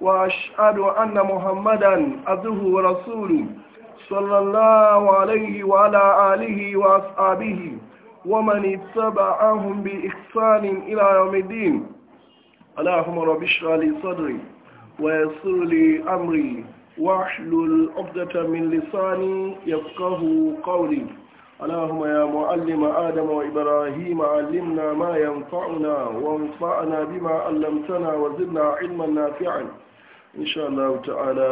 وأشهد أن محمدا عبده ورسوله صلى الله عليه وعلى آله وأصحابه ومن اتبعهم بإحسان إلى يوم الدين اللهم رب اشرح لي صدري ويسر لي أمري واحلل عقدة من لساني يفقه قولي اللهم يا معلم آدم وإبراهيم علمنا ما ينفعنا وانفعنا بما علمتنا وزدنا علما نافعا insha Allah ta'ala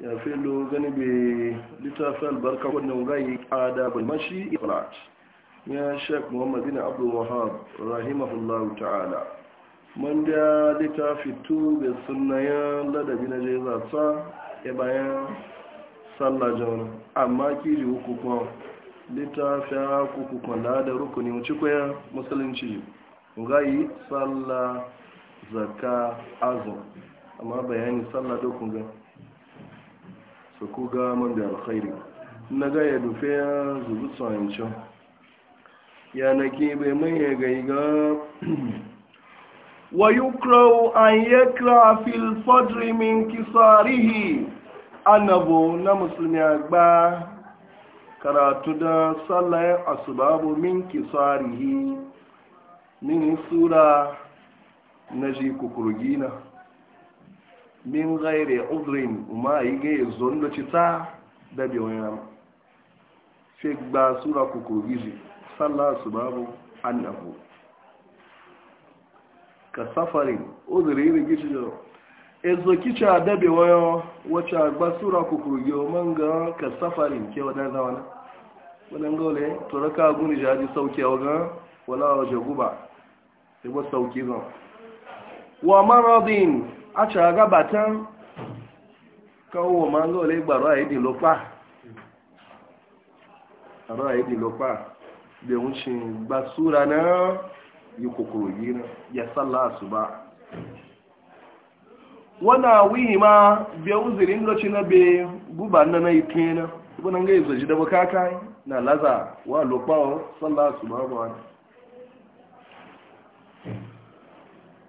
ya fi lo gani bai littafin albarka wannan gayi adabul mashi ifrat ya shek muhammad bin abdul wahab rahimahullahu ta'ala man da littafi tu bai sunna ladabi na jai sa ya e bayan sallah jauna amma kiri hukukun littafin hukukun da rukuni ci musulunci gayi sallah zaka azum amma bayani sallah da kun su ku ga man da alkhairi na ga ya dufe ya zubu tsawancin ya na ke bai manya ga wa yukrau an yakra fil fadri min kisarihi annabo na musulmi agba karatu da sallah asubabu min kisarihi min sura na ji kukurgina min gaire udrin ma yi ga yi zondo ci ta da bi wani fi gba sura kukurgizi sallah su babu annabu ka safarin udrin rigici da ezo kicha da bi wani wacce gba sura kukurugi o man ka safarin ke wadanda da wani wadanda gole to raka guni jaji sauki a wala waje guba sai ba sauki zan Wa mara ọdịn a chọrọ agabata kọwụ ma ndị ole gbara ịdị lụpa ara ịdị lụpa bewu chi gbasura na ikwokwuru yi ya sala asuba wọna wihi ma bewu ziri ngọchi na be guba nna na itinye na ụbụna ngọ ezoji dabuka aka na laza wa lụpa o sala asuba ọgbọ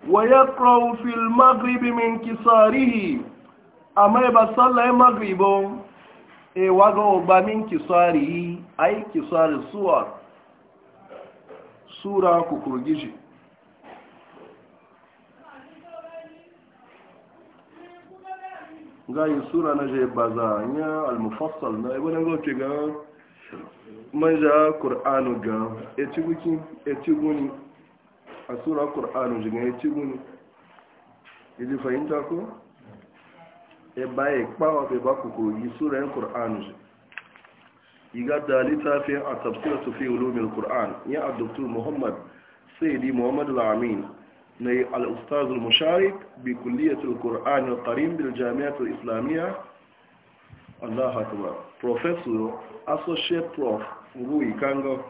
ويقرأ في المغرب من كساره أما يبصلى المغرب وغوب من كساره أي كسار الصور سورة ya almufassal na ibo na goce ga manja qur'anu a sura ƙur'anu jigin ya ci guni yaji fahimta ko e baye kpawa bai ba ku yi sura yin ƙur'anu ji iga da littafin a tafsir su fi ulumin ƙur'an ya a doktor muhammad sayyidi muhammad al na yi al-ustaz al-musharik bi kulliyatul ƙur'an al-qarim bil jami'atul islamiyya allah akbar professor associate prof ngui kango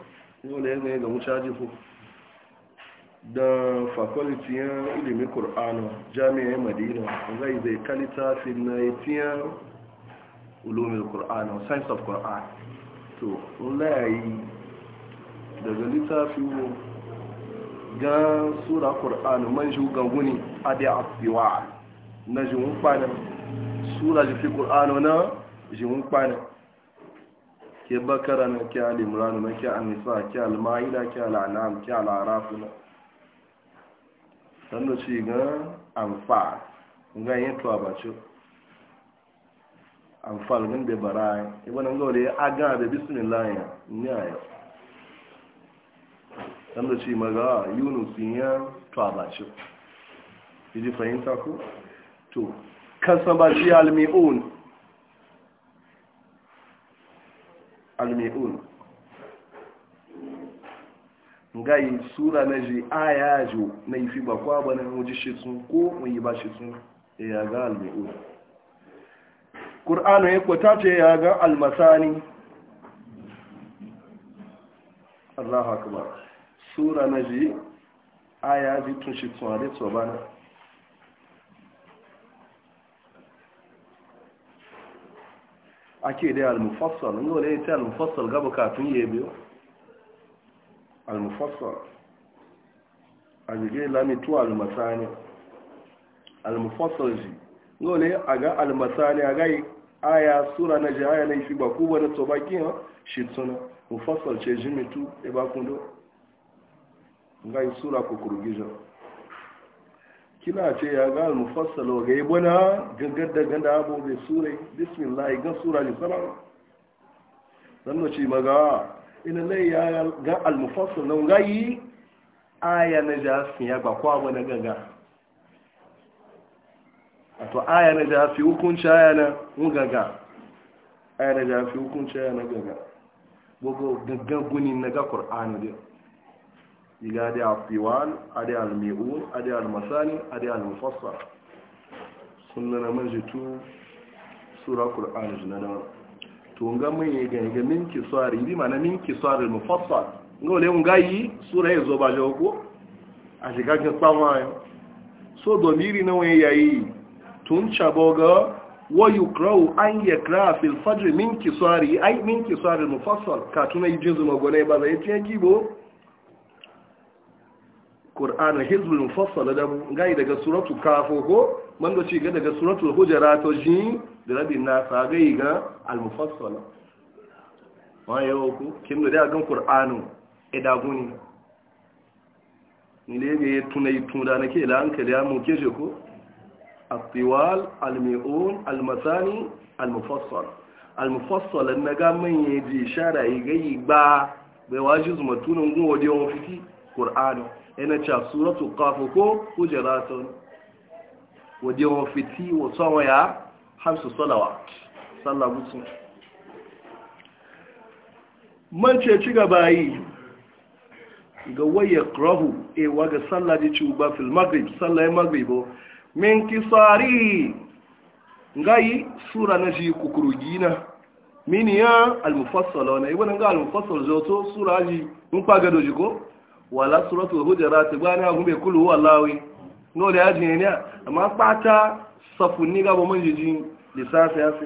ngole ne ga mutaji fu da ya ilimin kur'anu jami'ai madina zai zai kalita fi na ulumin kur'anu science of ƙur'an to layayi daga littafi ga sura kur'anu man shi ganguni a da na jimun kwanan sura jifi ƙur'anu na mun kwana ke bakara na ke alimranu na ke anisa ke alma'ida ke al'anam ke na. sanda ci gan amfa gan yin tuwa ba ci amfa gan bai bara yi nan gawa ya aga da bismillah ya ni a yau sanda ci maga yunus ya tuwa ba ci idi fahimta ku to kasan ba ci almi'un almi'un ngayi sura na ji aya jo na ifi ba kwa ba na wuji shi sun ko onye yi ba shi sun e ya ga al-mu'ud qur'anu ya kwata ce ya ga al Allahu akbar sura na ji aya ji tun shi sun ale so bana ake dai al-mufassal ngole ita al-mufassal gaba ka tun yebe al-mufassar a jige lamitu al-masani al-mufassar ji nole a ga al-masani a gai aya sura na ji aya na ifi ba ku wani shi ce e ba sura kina ce ya ga al-mufassal yi bana gangar da ganda abu bai sura bismillah gan sura ji sama zan ce maga ina lai ya ga almufassir nan gayi aya na jafi ya ba kwa na gaga wato aya na jafi hukunci aya na gaga aya na jafi hukunci aya na gaga bugu gaggan gunin na ga ƙur'ani din iga da afiwan ade almi'un ade almasani ade almufassar sunna na manjitu sura ƙur'ani jinanawa tunga mai ga ga min kisari bi mana min kisari mufassal ngole ngai sura hizo ba joko ashikaje sawa so do domiri na waye yayi tun chaboga wa yukrau an yakra fil fajr min kisari ai min kisari mufassal ka tuna jinzu magone ba zai tiya kibo Qur'an hizbul mufassal da ngai daga suratu kafo ko man da ci ga daga suratul hujurat to jin da rabin nasa gai ga almufassala wani yau ku kim da gan ƙur'anu idaguni e nile ne ya tuna yi tuna na ke la'ankali ya muke shi ku atiwal almi'un almasani almufassal almufassal na ga ya ji shara yi gai ba bai waje zuma tunan gowa da yawan fiti ƙur'anu yana e ca suratu kafa ko hujjaratun wajen wa fiti wasu waya hamsu salawa sallah musu man ce ci gaba yi ga waye krahu ewa ga sallaji ji ci uba fil maghrib sallah ya min kisari ngayi sura na ji kukuru kukurugina mini ya almufassala wani ibn ga almufassal zo sura ji mun paga doji ko wala suratul hujurat bana gumbe kullu wallahi no da ya ne amma pata safun ni gaba man jiji lissafi ya fi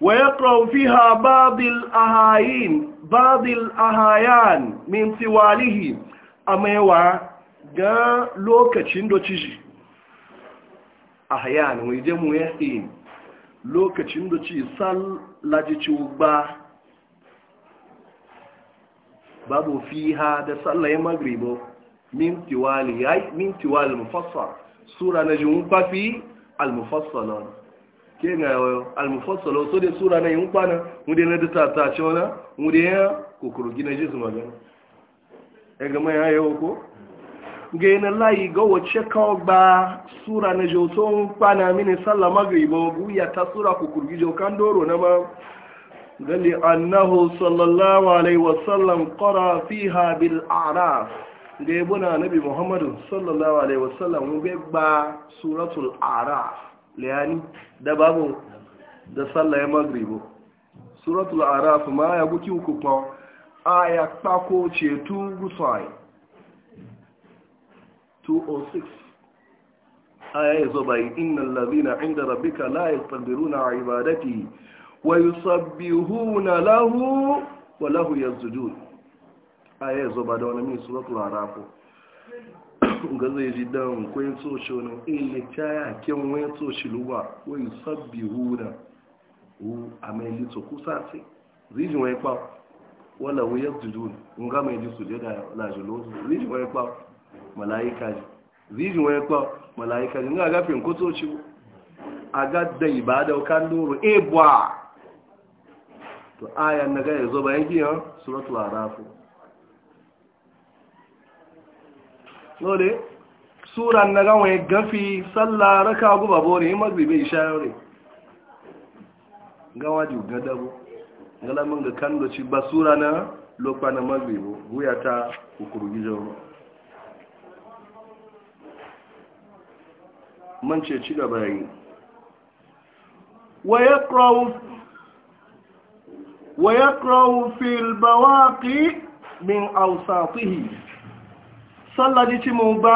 wa yaqra fiha babil ahayin babil ahayan min tiwalihi amewa ga lokacin do ciji ahayan wai je mu yahin lokacin do sal laji ci ugba fi ha da sallaye magribo min tiwali ay min tiwali sura na jin kwa fi al mufassal ke nga al na so da sura na yin kwa na mu na na ta ce wana mu ya kukuru gina jizu magana e ya gama mai ayo ko ga na layi ga wace kawo ba sura na joton na mini sallah magribo buya ta sura kukuru gijo kan doro na ma gali annahu sallallahu alaihi wasallam qara fiha bil a'raf da ya buna nabi muhammadu sallallahu alaihi wasallam bai ba suratul araf layani da babu da sallaye magribo suratul araf ma ya guki hukukwa a ya kpako ceto gusai 206 aya ya zo bai innan lazina inda rabbika la yastabiruna a ibadati wa yusabbihuna lahu wa lahu yasjudun a ya zo ba da wani mai suratul arafu ga zai ji dan kwayin wani ile eh, ta kyan wani luwa wani sabbi huna hu a mai lito kusa ce zai wani kwa wala wuyar jidun nga mai ji je da lajilo zai ji wani kwa mala'ika ji zai wani kwa mala'ika ji gafin ko a ga dai ba da kan doro eh, to ayan na ga ya zo bayan giyan suratul arafu dole suran na gawai gafi sallah raka guba bori magribi ishayore gawa ju gadabo galamin ga kando ci ba sura na lokwa na magribi guya ta kukurgijo man ce ci gaba yi wa yaqra'u wa yaqra'u fil bawaqi min awsatihi sallah ji ci mu ba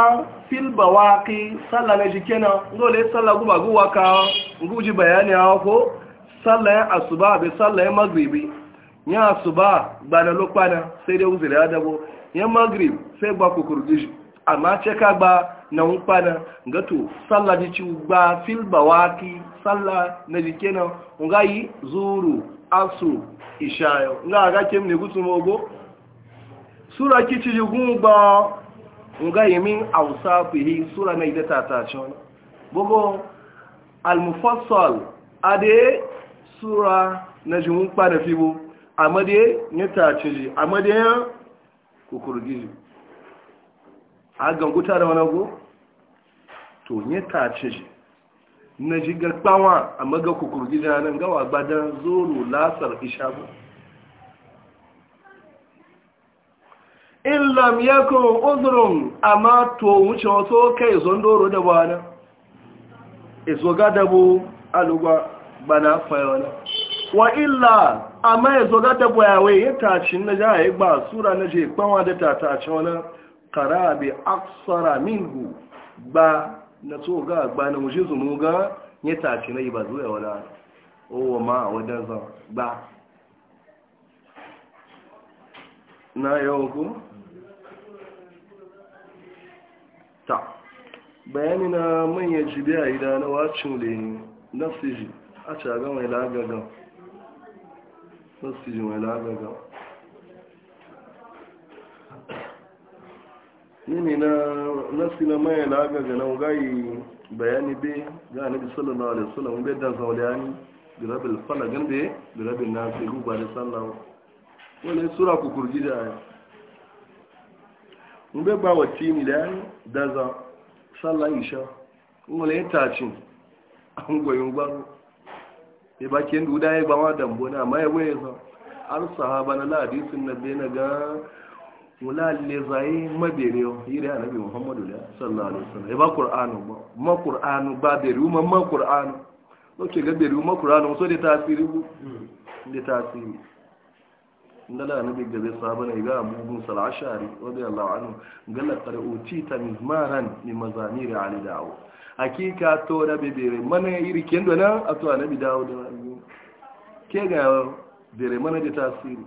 fil bawaqi sallah na jikena dole sallah guba guwa ka nguji bayani ha ko sallah asuba be sallah maghribi nya asuba bana pana sai dai uzuri adabo ya maghrib sai gba kukurji amma che ka gba na nkwana gato sallah ji ci gba fil bawaqi sallah na jikena ngai zuru asu ishayo nga ga kem ne gutu mogo sura kici jugun gba nga yi min awsafihi sura na ida tata shon bogo al-mufassal ade sura na jimun kpada fibo amade ne ta ciji amade ya kukurgiji a ganguta da wani to ne ta ciji na jigar kpawa a maga kukurgiji na nan gawa gbadan zoro lasar ishabu illam yakun uzrun amma to wuce wato kai zon doro da bana izo gadabu alugwa bana fayona wa illa amma izo gadabu yawe ya taci na jaye ba sura na je kwanwa da ta taci wani karabi aksara minhu ba na so ga ba na wuce zumu ga ya na ba zuwa wani owa ma a wadansa ba na yawon kuma ta bayani na manyan jibi a ida na wacin da na siji a caga mai lagaga na siji mai lagaga nini na nasi na mai lagaga na gayi bayani be ga nabi sallallahu alaihi wasallam be da zauliyani birabil falagan be birabil nasi ruba da sallahu wani sura kukurgi da ayi mgbe gbawa timi da za daza sallah isha nwere ya tashi an goyin gbaru ya baki yin guda ya gbawa dambo na ma ya waye za har sahaba na ladisin na bena ga mulalle zaye mabere yi da annabi muhammadu sallallahu alaihi wasallam ya ba qur'anu ba ma qur'anu ba bere ma ma qur'anu ga ma qur'anu so da tasiri hmm. inda na nabi ga zai saba ne ga abubuwan sal'ashari radiyallahu anhu galla qad ta mizmaran min mazamir ali dawo hakika to da bebere mana iri kendo na ato annabi dawo da ke ga bere mana da tasiri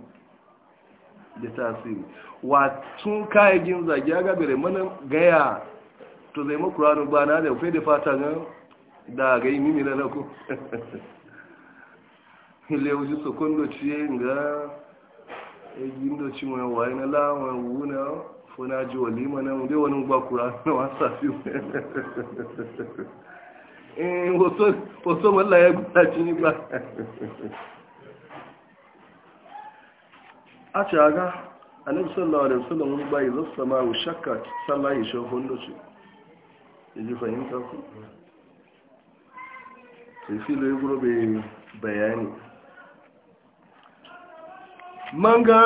da tasiri wa tun kai gin zagi ga bere mana gaya to zai mu qur'anu ba na da fe da fata ga da ga yi mimi na ko ile sokondo ciye ga egin da ci mai waye na lawan wuna funa ji walima na mbe wani gbakura na wasa fi eh wato wallah ya guda ci ni ba a ci aga annabi sallallahu alaihi wasallam wani bai zasta ma wa shakka sallahi shafon da yaji fahimta ku sai filo ya gurbe bayani manga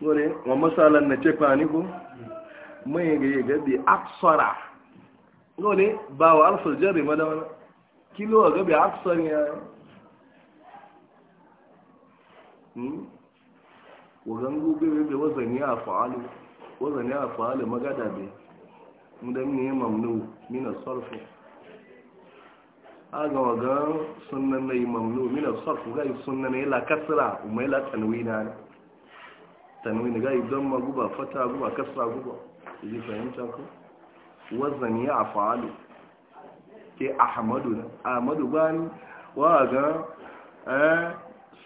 wani wa misalan na ce kwani ko mai ga yi bi aksara wani ba wa alfar jari ma da wani kilo a gabi aksar ya hmm? wajen gobe da wazani a fa'alu wazani a fa'alu magada bai mudan ne mamnu mina sarfin aga waga sunan na imamnu mina sarf gai sunan na ila kasra umma ila tanwina ne tanwina gai don maguba fata guba kasra guba ji fahimta ku wazan ya afalu ke ahmadu ahmadu bani waga eh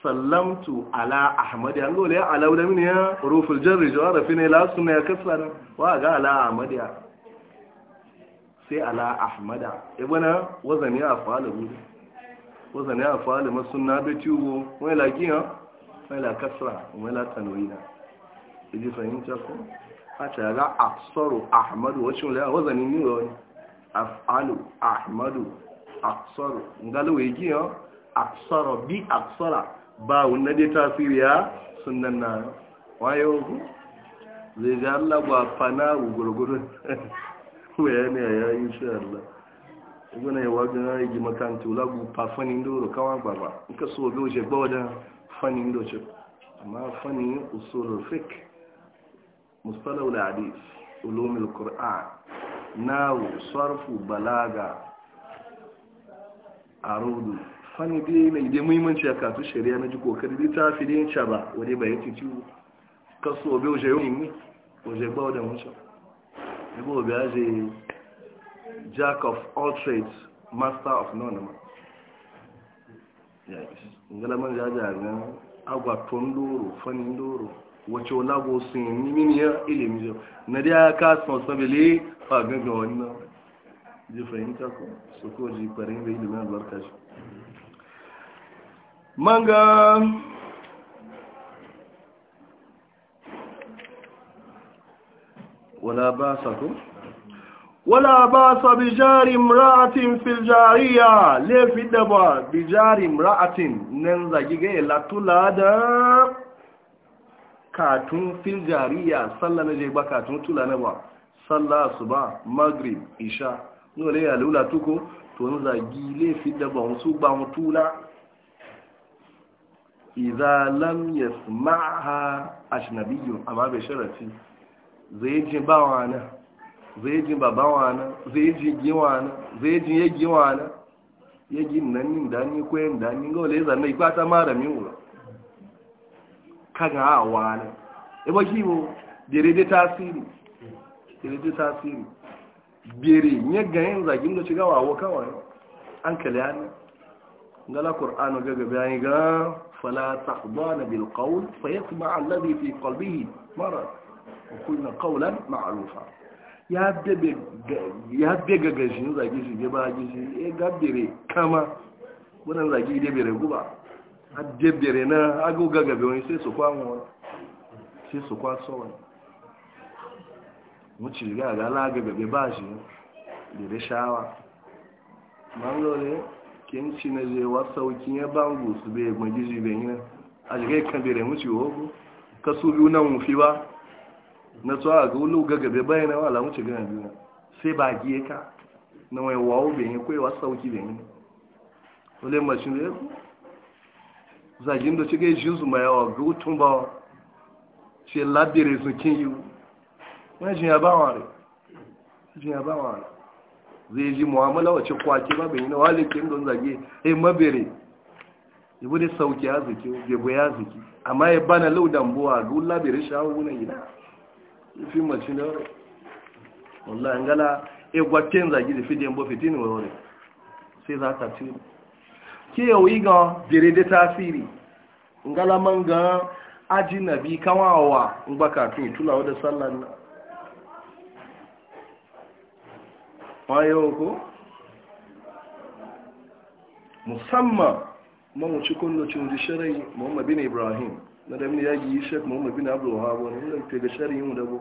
sallamtu ala ahmadi an gole ya ala da ya ruful jarri jawara fi ne la sunna ya kasra waga ala ahmadi sai ala ahmada ibana e wazani ya fa'ala gudu wazani ya fa'ala masunna da tubo wai la giya wai la kasra wai la tanwina idi e fahimta ko hata ga afsaru ahmadu wacin la wazani ni wani af'alu ahmadu afsaru ngalo wai a tsoro bi afsara ba wannan da tasiri ya sunnan na wayo zai ga Allah fana gurgurun ya ne ya yi shi Allah a ya waga na yi makanta lagu pa fanin doro kawan baba in ka so biyo je fanin doce amma fanin usoro fiqh mustalah al hadith ulum al qur'an naw sarfu balaga arudu fani mai dai muhimmanci a katu shari'a na ji kokari ta fi dai ba titi je ebe obi aje jack of all trades master of none ma ndị aja aga ja ga agwa ton loro fanin loro wace wala go sin ni min ya ilimi jo na dia ka son sabili ọnụ ga ga wannan ji fahimta ko so ko ji manga wala ba sa kun wala ba sa bi jarin ra'atin fil jariya laifin da ba bi jarin da katun fil jariya na je ba katun tula na ba tsalla su ba magrib isha nuna ya lula tuko to nan zagi laifin da ba su ba mutula إذا لم يسمعها أشنبي أما بشرتي zai jin ba na zai ji wa na? zai ji na zai jin ya na ya gi nan e, ni, da ni ko yan da ni ga wale zanna ikwa ta mara mi wura kaga a na e ba kiwo dire de tasiri dire de tasiri biri ne ga yan zagin da shiga wawo kawai an kale ana ngala qur'anu ga ga bayani ga fala taqdana bil qawl fayatma alladhi fi qalbihi marad وكنا قولا معروفا ya daga gashin zage shi ba gishi ya gabere kama wadanda zage debere guba a debere na agoga gabe wani sai su kwamo sai su kwaso wani wuce ga ga laga gabe ba shi da da shawa mangore kinci na je wasaukin ya bangu su bai magishi bai yi a jirai kan bere wuce wogu kasu biyu na wufi ba na tsawa a wulu ga gabe bayan na wala mutu gana biyu sai ba giye ka na wai wawo bai yi kwaiwa sauki bai wale mashin ne. ya ku zagin da cike shi su mayawa ga hutun ba ce labire su kin yi wani jin ya ba wa ne jin ya ba wa ne zai ji mu'amala wace kwaki. ba bai yi na wale kin don zage eh mabere ibu ne sauki ya ziki bai ya ziki amma ya bana laudan buwa ga labirin shawo wunan gida fi mace na wuri wallahi ngala e gwatin zagi da fidiyan bo fitini wuri sai za ta ci ke yau yi ga jirede tasiri ngala man ga nabi kawawa ngbaka tun tulawa da sallan na wayo ko musamman mawuci kundocin jishirai muhammadu ibrahim na da ya yi shek muhammad bin abdul wahab wani da ke ga shari'in mu da bu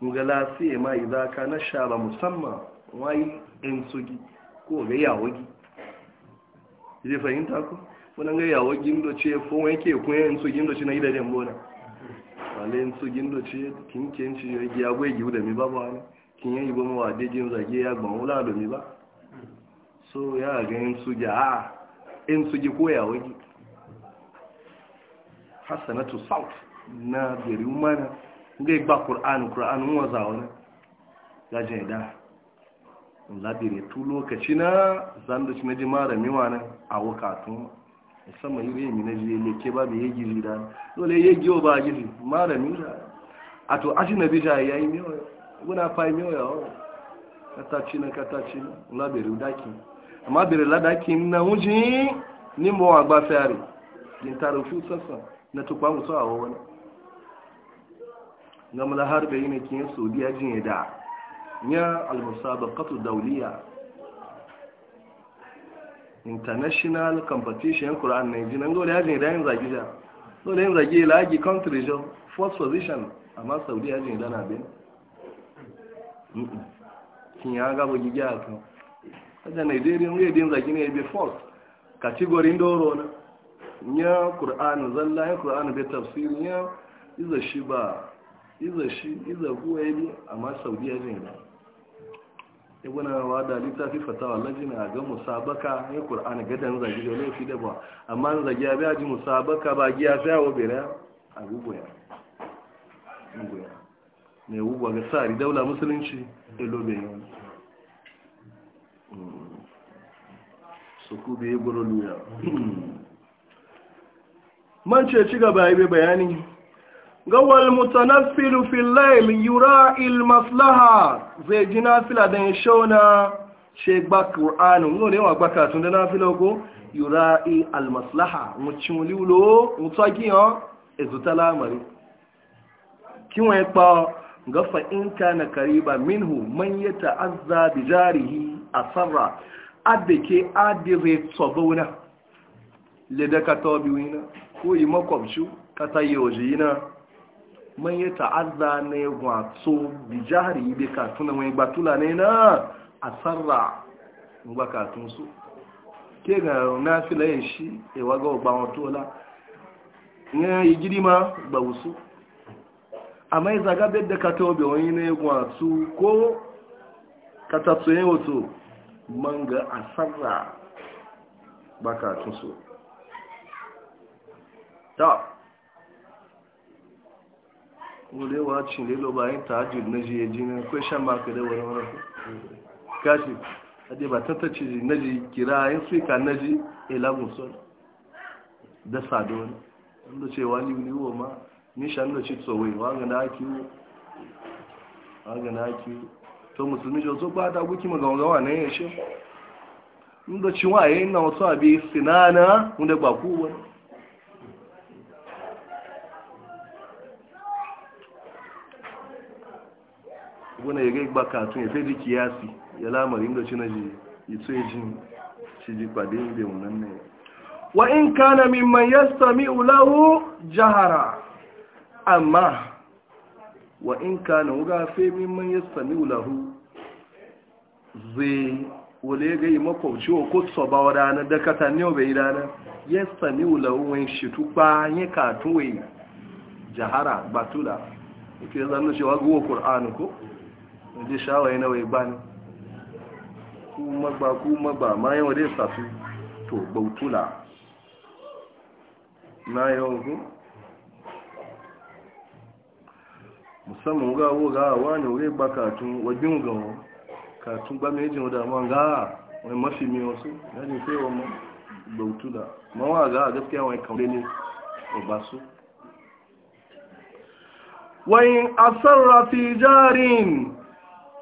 mu ga lafiya ma idan ka na shara musamman wai in sugi ko ga yawagi zai fahimta ko wani ga yawagi ndo ce fo wani ke kun in sugi ndo ce na gidajen bona wale in sugi ndo ce kin kin ci ya giya gwe giu da mi ba ba wani kin yi ba mu wa dejin zage ya gban wula da mi ba so ya ga in sugi a in sugi ko yawagi hasanatu south na beri mana ga gba ƙur'anu ƙur'anu waza wani gajin ida labiri tu lokaci na zan da shi na ji mara miwa na a wakatun musamman e yi remi na ji leke ba bai yi giri da dole yi giyo ba giri mara miwa a to ashi na bija ya yi miwa guna fa yi miwa yawon kataci na kataci na labiri daki amma bere ladaki na wujin ni mo agba fiyari ni taro sassan na tukwa musu a wani gama da har bayi na kiyan saudiya jin da ya almusabaqatu dawliya international competition Quran ne jinan dole ya jin da yin zagi ja dole yin zagi lagi country jo first position amma saudiya jin da na bin kin ya ga bugi ja ka da Nigeria ne din zagi ne be first category ndoro na ya ƙur'an zalla ya ƙur'an bai tafsirin ya iza shi ba iza shi iza huwa ya bi amma saudiya ne ba ibn wada littafi fatawa lajina ga musabaka ya ƙur'an gadan zagi da laifi da ba amma zagi ya biya ji musabaka ba giya sai wa bera a gugoya ne wuwa ga sari daula musulunci ilobe yawon su kube ya goro hmm. luya man ce ci gaba yi bayani gawal mutanaffilu fil yura yura'il maslaha zai ji nafila dan shauna ce gba qur'anu ngo ne wa gba ka tun da nafila ko yura'i al maslaha mu ci mu liulo mu tsaki yo ezutala mari pa ga fa kariba minhu man yata'azza bi jarihi asarra adde ke adde zai tsobona le da ka wina ko yi makwabci kata yi waje na man ya ta'adda na ya gwato bi jihar yi bai katuna mai gbatula ne na a tsarra ba katunsu ke ga na filayen shi ewa ga ọgbà wọn la ya yi girma ba wusu a mai zaga bai da kata wani na ya gwato ko kata tsoye wato man ga a tsarra ba katunsu ta ulewa cin lilo bayan tahajjud na jiye jini akwai shan maka da wani wani kashi ade ba tattace naji kira yin suika naji elagun son da sado wani wanda ce wani liwo ma nishan da ci tsowai waga na aki waga na aki to musulmi jo so ba ta guki magawa na yashe inda ci waye na wasu abi sinana wanda ba ku wani wani ya gai baka tun ya sai da kiyasi ya lamarin da cina ji ya tsaye jin shi ji kwade bai wunan ne wa in kana mimman sami ulahu jahara amma wa in kana wuga fe mimman sami ulahu zai wale ga yi makwauci wa kutsa ba wa rana da katanniyo bai rana sami ulahu wani shi tukpa ya katuwa jahara batula ita ya cewa guwa ko waje shawaye na nawa bani kuma ba kuma ba ma yawa dai safi to bautula na yawan musamman ga wo ga wa ne wai ba katun wajin ga wo katun ba mai jin da ga wai mafi mi wasu ya jin sai wa bautula ma wa ga gaskiya wai kaule ne ba su وإن أصر في جار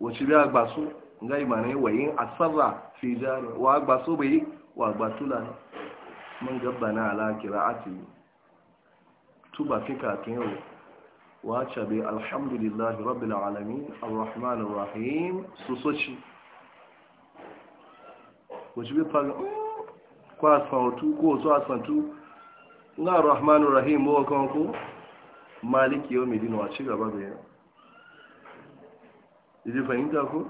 wacce biya gbaso ga imanai wayin asarra fi jari wa agbaso bai wa gbatula ne man gaba na alakira ati tuba fi kakin yau Wa bai alhamdulillah rabbil alamin arrahman arrahim su soci wacce bai faga hmm, kwa asantu ko wasu asantu na arrahman arrahim mawakan ko maliki yau medina wacce gaba da yau ji fahimta ko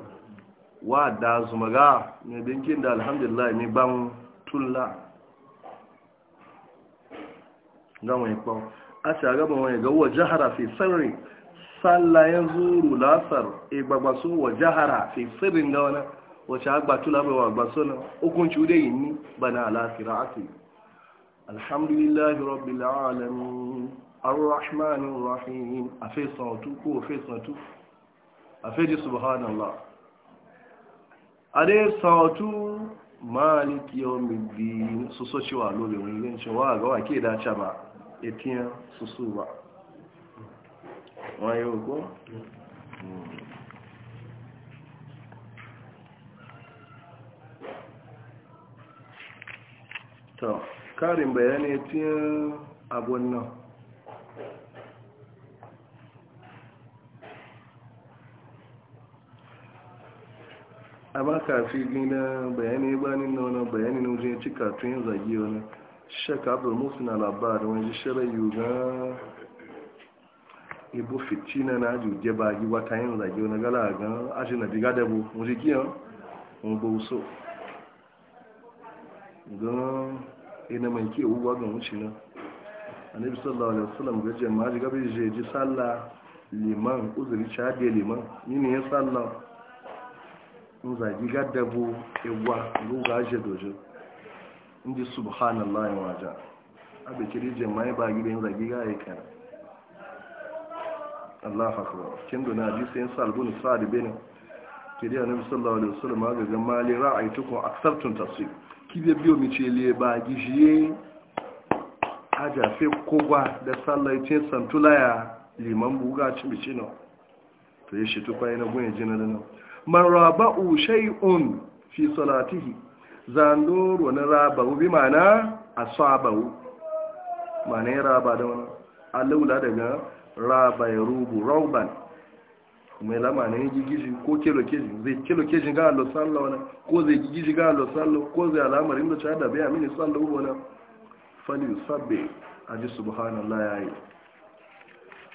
wa da su maga ne dinkin da alhamdulillah ne ban tulla ga mai kwa a ci gaba mai ga wa jihara fi sirri ya zuru lasar igbagbaso e wa jihara fi sirrin ga wani wace agbatula bai wa gbaso na hukunci udayi ni bana alasira ake alhamdulillah rabbil rahim. الرحمن الرحيم أفيصنا تكو أفيصنا تكو a feji subhanallah a dai sautu maliki yau midi su cewa lobe wani yin cewa ga wake dace ba etiyan su su ba wani yau to karin bayani etiyan abun nan ka kafi gina bayani banin na wani bayani na wajen cika tun yin zagi wani shaka abu musu na labarin wani shirayu na ibu fitina na ajiye uje ba yi wata yin zagi wani gala gan ashe na diga bu wajen kiyan wani ba wuso gan ina mai ke wuwa ga wuce nan annabi sallallahu alaihi sulam ga jama'a ga bai ji sallah liman uzuri chade liman ni ne ya sallah nzagi gaddabo egwa ruga aje dojo ndi subhanallah ya waja abe kiri jama'i ba gidan zagi ga yi kana Allah akbar kin na ji sai salbun sa'd bin kiri annabi sallallahu alaihi wasallam ga ga mali ra'aytukum aksartum tasbih kibe biyo mi ce le ba gijiye aja fe kogwa da sallai ce santulaya liman buga ci bicino to yashi tukwai na gun jina da nan man raba'u shay'un fi salatihi zando wani raba'u bi mana asaba'u mana ya raba da wani alaula daga raba ya rubu rauban mai lama na yi gigiji ko kilo keji zai kilo keji ga allo sallo wani ko zai gigiji ga allo sallo ko zai alamarin da cada bai amini sallo wani fali sabbe a ji subhanallah ya yi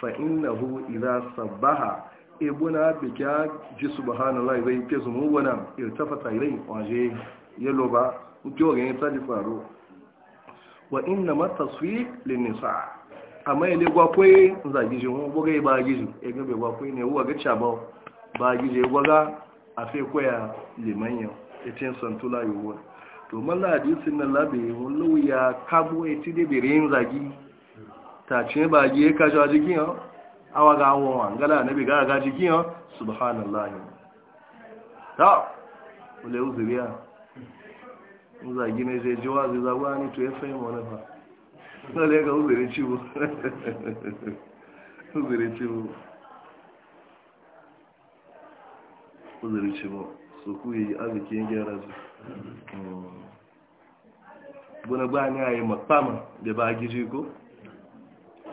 na innahu idza sabbaha ibuna bikya ji subhanallah zai ke su mugwana irtafata ilai waje yalo ba kyo ga yata ji faru wa inna ma tasfiq lin nisa amma ile gwa koi zagi ji mu boga ba gije e ga be gwa koi ne uwa ga chaba ba gi gije gwa ga afi koya limanyo etin santula yuwa to malla hadisin nan labe mun lauya kabo eti de birin zagi ta ce ba gi ka jaji gi awa ga awon wangala na biga ga jiki yan subhanallah ta wule uzuriya zagi ne zai ji wazi zagwa ni to ya fahim wani ba wale ga uzuri cibo uzuri bu uzuri bu su ku yi arzikin gyara su mm. buna ba ni a yi makpama da ba giji ko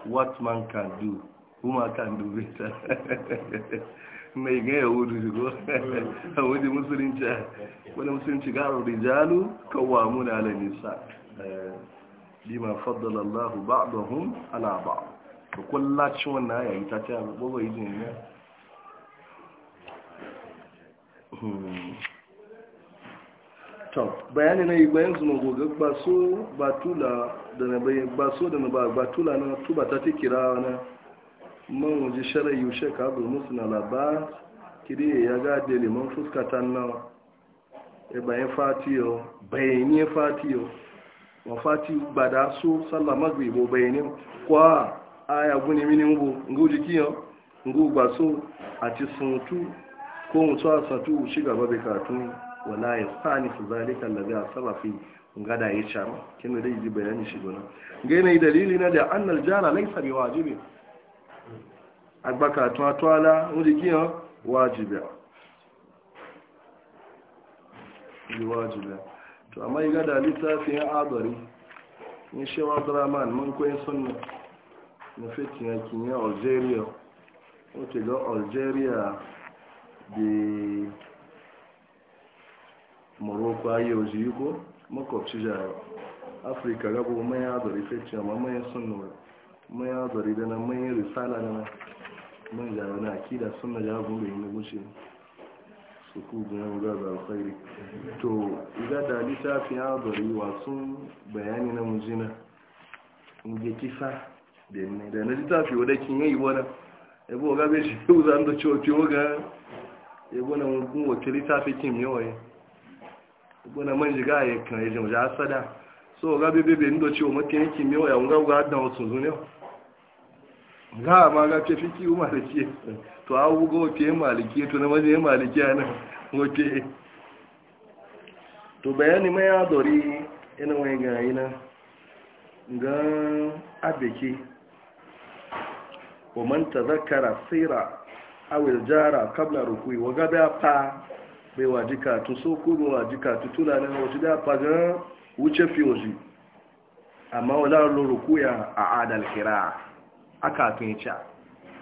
what man can do kuma kan dube ta mai ga yahudu shigo a wajen musulunci wani musulunci garar rijalu kawamu na alamisa eh, lima faddala allahu ba'dahum ala Ka to kullaci wannan ya yi ta ta gbogbo yin ne hmm. bayani na bayan su magoga ba so batula da na bayan ba so da na ba batula na tuba ta kira wani man waje sharar yushe ka abu musu na labar kiri ya gade liman fuskatan nan e bayan fatiyo bayaniyar fatiyo wa fati ba da su sallah magribo bayaniyar kwa aya guni mini ngbu ngu jikiyo ngu ba su a ati suntu ko mutu a satu shi gaba bai katun wala ya sani su zalika lalaga a sarrafi ngada ya cama kinu dai ji bayani shi gona ga yanayi dalili na da annal jara laisa bi wajibi agbáka tún atọ́lá ń rí kí hàn wájibẹ̀ wájibẹ̀ to amma yi gada littafin adari in shewa draman man kwayin sunna na fitin yakin ya algeria wata ga algeria da morocco ayi oji yi ko makwabci jaya afirka gabo mai adari fitin amma mai sunna mai adari da na mai risala da na man da wani akida suna ya gumbe yin wuce su ku gina gaza alkhairi to iga da littafin ya bari wasu bayani na mujina inda kisa da na littafi wadda kin yi wani ebe waga bai shi yau zan da cewa ke waga ebe na kim na ya kan yi jamja asada so waga bebe ndo cewa kim wuga ga ma ga ce fi u maliki to a ga wace maliki to na maje maliki ana wace to bayani mai ya dori ina wani ga ina ga abeki wa man tazakkara tsira aw jara kabla rukui wa ga ba pa bai wajika tu so ko bai wajika tu tula ne da pa ga wuce fi waje amma wala rukuya a adal kira. aka tun ci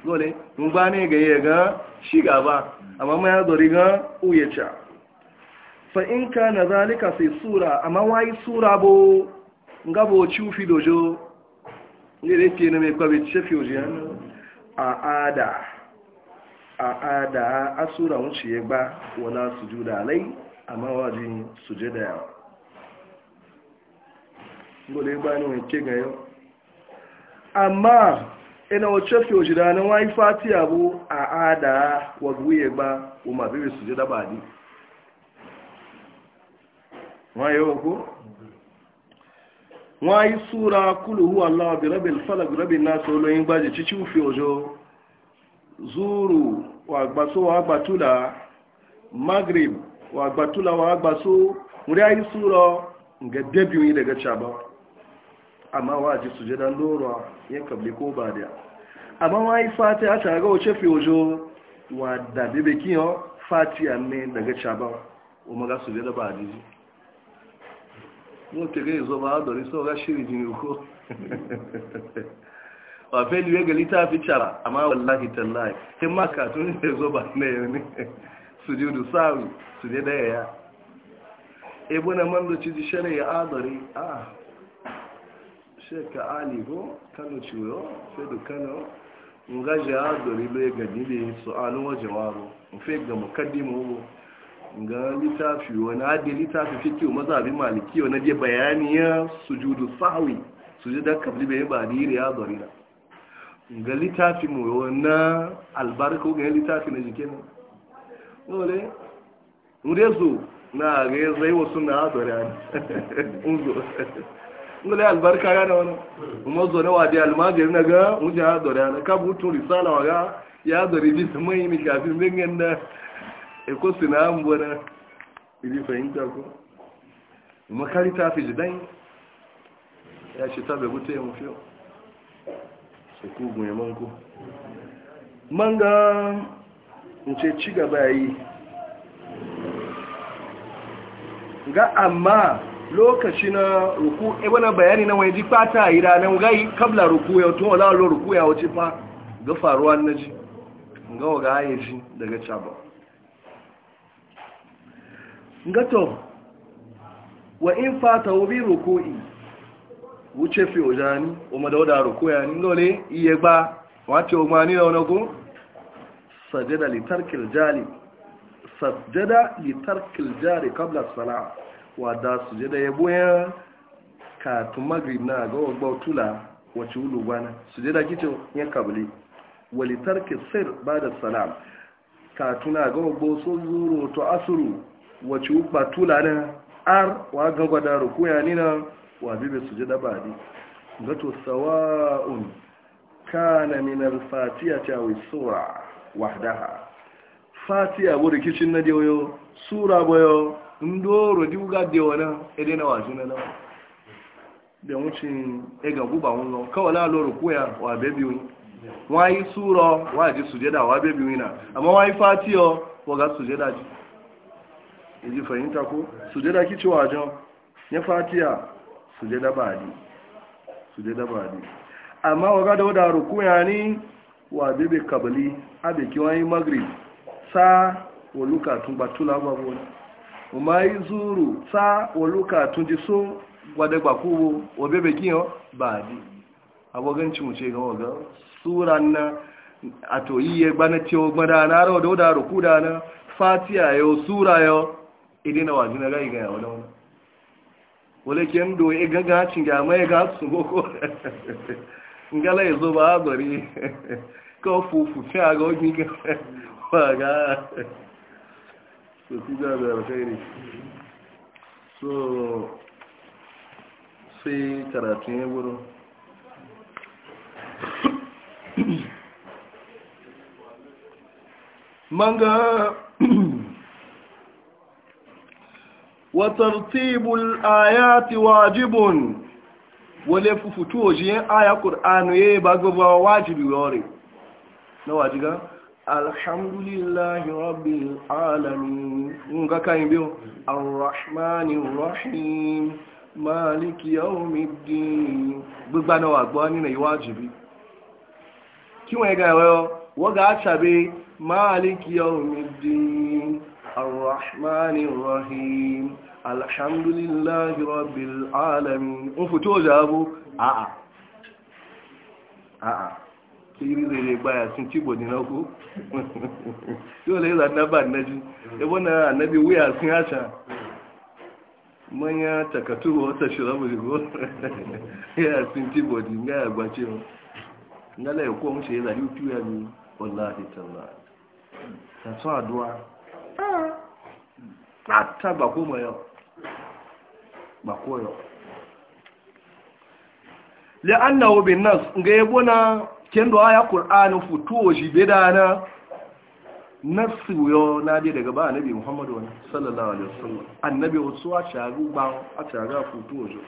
dole mun ne ga ya ga shi amma mai ya zori ga uye ci fa in ka na zalika sai sura amma wayi sura bo bo ciufi dojo ne da yake ne mai kwabe cefi a ada a ada a sura wuce ya gba wala sujuda alai amma wajin suje yawa dole ba ne ga yau amma ina wacce fi waje da nan wai fati abu a ada wa gba ba o su je da badi wai yau ko wai sura kulu hu allah bi rabbil falaq rabbil nas lo yin gbaje cici fi ojo zuru wa gbaso wa gbatula maghrib wa gbatula wa gbaso muri ayi sura ga yi daga chaba amma waji su jada loro ya kabli ko ba da amma wai fati a tare ga wace fi wa da bebe kiyo fati ne daga chaba o maga su jada ba diji mo te ga zo ba do ri so ga shiri jini ko wa fe liwe ga lita fi chara amma wallahi tallahi kin maka tun ne zo ba ne ne sujudu sawi sujada ya ebo na mando ci shari'a adari ah sai ka aligo kano ciwo sai da kano nga ja dori lo ga dibe su'alu wa jawabu fe ga mukaddimu ga litafi wani adi litafi fiki wa mazhabi maliki wa naje bayani ya sujudu sahwi da kabli bai ba diri a dori na ga litafi mu wana albarka ga litafi na jikin ne murezu na ga zai wasu na dori an unzo ngala albarka ga da wani kuma zo na wadi na ga wuce ya na ka butu risala wa ga ya zori bi su mai mi kafin bingen na eko sina ambona. bana e ili fahimta ko makari ta fi jidan ya shi ta bai gute mu fiyo su ku gunye manko Manga ga ce ci gaba yi ga amma lokaci na ruku e eh, wani bayani na waje fata a yi ranar gai kabla ruku ya tun wala lo ruku ya wuce fa ga faruwa na ji ga waga haye shi daga caba gato wa in fata wubi ruku'i wuce fi ojani o dauda ruku ya ni lole iye gba wace o ni na wani ko sajada litarkil jari sajada litarkil jari kabla sala'a wada su je da yabo ya katun magrib na ga wagba tula wace wulu gwana su je da kicin ya kabali walitar sir ba da salam katuna ga wagba so zuru to asuru wace uba tula na ar wa gangwada rukuya nina wa bibe su je da badi gato sawa'un kana min al-fatihati ta as-sura wahdaha fatiha bu rikicin na dioyo sura boyo ndoro diuga de wana ede na waju na lawa da wucin ega guba wunga kawai la loro ya wa bebi wi wayi suro wa ji sujeda wa bebi wi na amma wayi fatiyo wa ga sujeda ji yaji e fahimta ko sujeda kici wajen ya fatiya sujeda badi sujeda badi amma wa ga da wada ya ni wa bebi kabali abe kiwayi magrib sa wa luka tun batula babu wani ma zuru ta waluka tun ji so gwadagba kubo wabe bekin baadi di abogancin ga waga suran na a to yi ya gbana ce wa gbada na rawa da ruku da na fatiya yau sura yau idai na wajen na gai ga yawon wani wale ke ndo ya gaga cin mai ga su boko ngala ya e, zo ba bari ko fufu fi a ga wajen ga to fi zaɓi alkhairi so sai karatun ya wurin manga watartibul ayati wajibun wale fufutu ojiyen aya ƙur'anu ya yi alhamdulillahi rabbil alamin nga kan biyo arrahmanir rahim maliki yawmiddin gbogbo náà wà gbọ́ nínú ìwájú bí kí wọ́n ga ẹ̀wẹ́ wọ́n ga àṣàbí maliki yawmiddin arrahmanir rahim alhamdulillahi rabbil alamin ń fòtó òjò àbú àà iri zai zai baya sun ci bodi na ku dole ya zaɗa ba annabi ebo na annabi wuya sun yaca manya takatu wata shirabu rigo ya sun ci bodi nga ya gbace mu nga la ko mu ya zaɗi uku ya bi wallahi taala ta so addu'a ta ta ba ko mayo ba ko yo la'annahu bin nas kendo aya qur'ani futuwa shi bedana nasu yo na dai daga ba annabi muhammadu sallallahu alaihi wasallam annabi wasu a shagu ba a shaga futuwo shi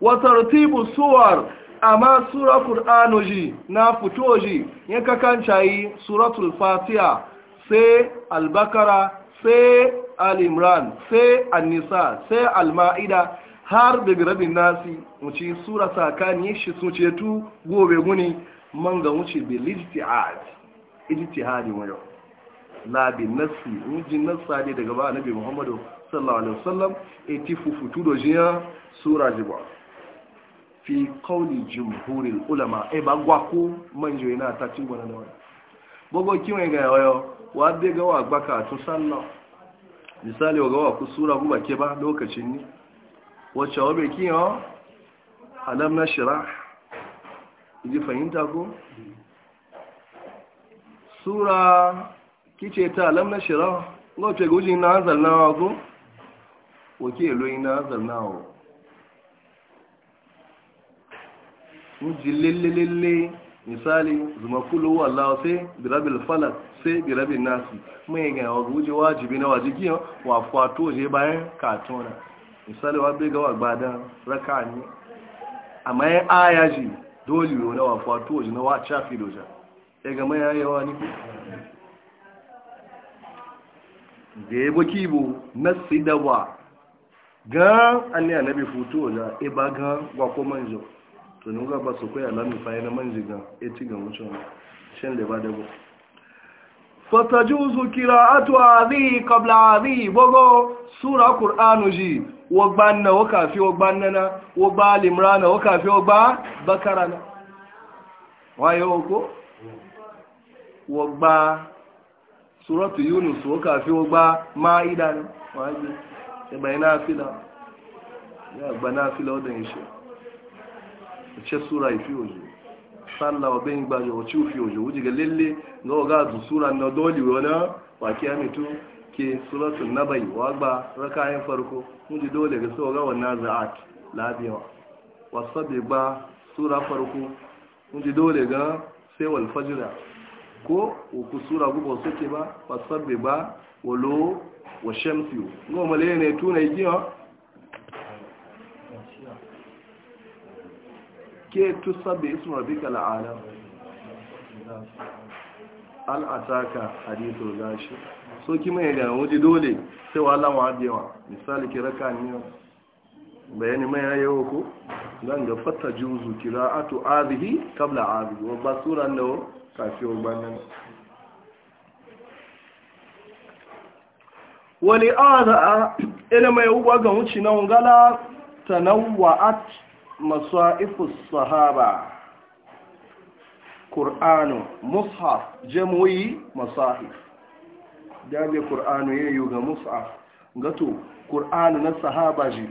wa tartibu suwar amma sura qur'ani ji na futuwa ji yanka kan chai suratul fatiha sai al-bakara sai al-imran sai an-nisa sai al-ma'ida har daga rabin nasi mu ci sura sakani shi su tu gobe guni man ga wuce bil ijtihad ijtihadi wayo la bi nafsi wuji nafsa ne daga ba annabi muhammadu sallallahu alaihi wasallam e ti fufutu do jiya sura jiba fi qawli jumhuril ulama e ba gwa ko man jo ina ta tin gona da wani bogo kiwe ga wayo wa be ga wa gbaka to sallah misali wa ga wa ku sura ba ke ba lokacin ni wacce wa be kiyo alam nashrah ji fahimta ko sura kice ta alam na shira ce guji na zarnawa ko wake loyi na zarnawa ji lillilille misali zuma kulu wallah sai birabil falak sai birabil nasi mai wa guji wajibi na wajigi wa fato je bayan katona misali wa bai gawa wa gbada raka ne amma aya ji dole yau na wafa to na wa chafi doja ya e gama ya yawa ni da ya baki bu na si da sidawa ga an ni anabi futo da e ba ga gwa ko manjo to nuga ba su koya lamu fa na manjiga e ci ga mutum shin da ba da bu fatajuzu kira'atu kira qabla adi bogo sura qur'anu ji limrana wayo ko suratu yunus waje fila ya fila ce sura ifi waje sallah wa bin ba yo chufi yo wuji ga lalle ga ga zu sura na dole wona wa kiyamitu ke suratul nabai wa ba rakayin farko muji dole ga so ga wannan za'at labiya wasabi ba sura farko muji dole ga sai wal fajra ko ku sura gubo suke ba wasabi ba walo wa shamsi ngoma lene tuna ikiwa ke tussar da ismu rabika la'ala an ataka hadithul gashi so kima ya gana wuji dole sai wa Allah wa misali ki raka ni bayani mai ya yawo ko zan ga fata juzu qira'atu abihi qabla abi wa basura no kafi wa banan wali A ila mai uwa ga wuci na ngala tanawwa'at masa'ifus sahaba ƙur'anu mushaf jam'o'i masa'if dabe ƙur'anu ya yi ga mushaf gato ƙur'anu na sahaba ji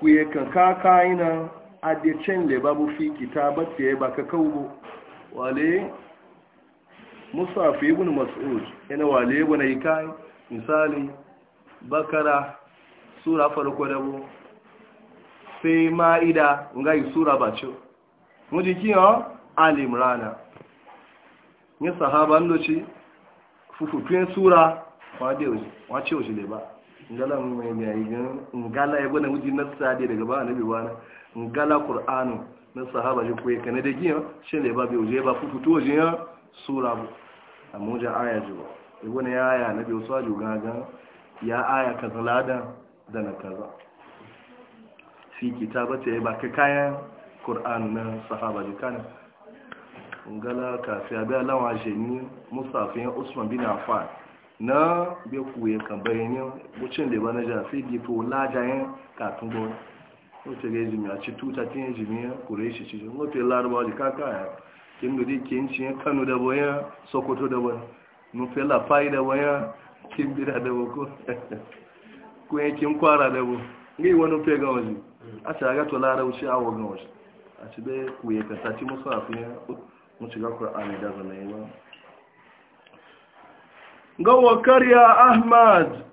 ku yi kanka kayan adecen da babu fi kitabar ta ya baka kawo wale mushaf ibn mas'ud yana wale wani kayan misali bakara sura farko da bu sai ma'ida nga yi sura ba ce muji kiyo alimrana ni sahaban doci fufufin sura wace wace ne ba ngala mai ngala ya bana wuji nasa dai daga ba annabi ngala qur'anu na sahaba ji ko kana shi ne ba ba ya sura bu amma aya fi kitabata ya baka kayan ƙur'an na sahaba jikana ngala kafi abe alawa jeni musafin usman bin affan na be kuye kan bayani da bana fi dipo lajayen katun go o te jimi a cikin tuta tin jimi kureshi ci ngo te larba ji kaka ya kin do da a ci aga to larauci a wagan wasu a ci bai kuye ka sati musu a fiye mutu ga ƙur'ani da zama yi ba gawa karya ahmad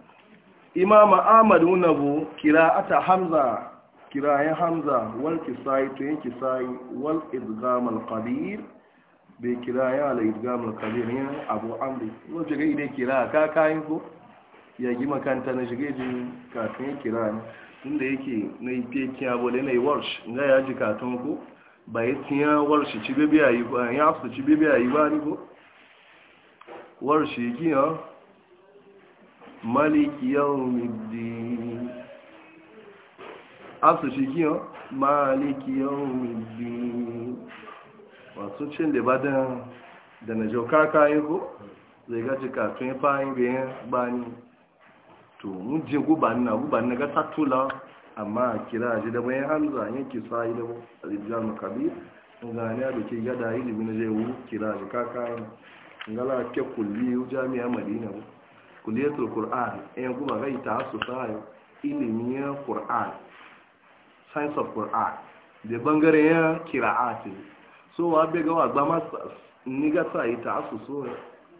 imama ahmad wunabu kira ata hamza ya hamza wal kisai to yin kisai wal idgam al-qadir bai kirayen al-idgam al-qadir ya abu amri yau shiga idai kira ka kayan ko ya gima kanta na shiga ji kafin kirayen tun da yake na ife kiya bole na yi warsh nga ya ji katon ku ba yi tiya walsh ci bebe a yi ba ya su ci bebe a yi ba ni ko warshi giya maliki yau middi asu shi giya maliki yau middi wasu cin da ba da na jokaka yi ko zai gaji katon ya fahim bayan bani to mun je gubanna na guba ga tatula amma kira ji da bayan hamza yake sai da alijan kabir ngana da ke gada ilimi na wu kira ji kaka ngala ke kulli jami'a madina kulliyatul qur'an eh guba ga ita su sai ilimi ya qur'an science of qur'an da bangare ya kira'ati so wa be ga wa gba masters ni ga sai ta su so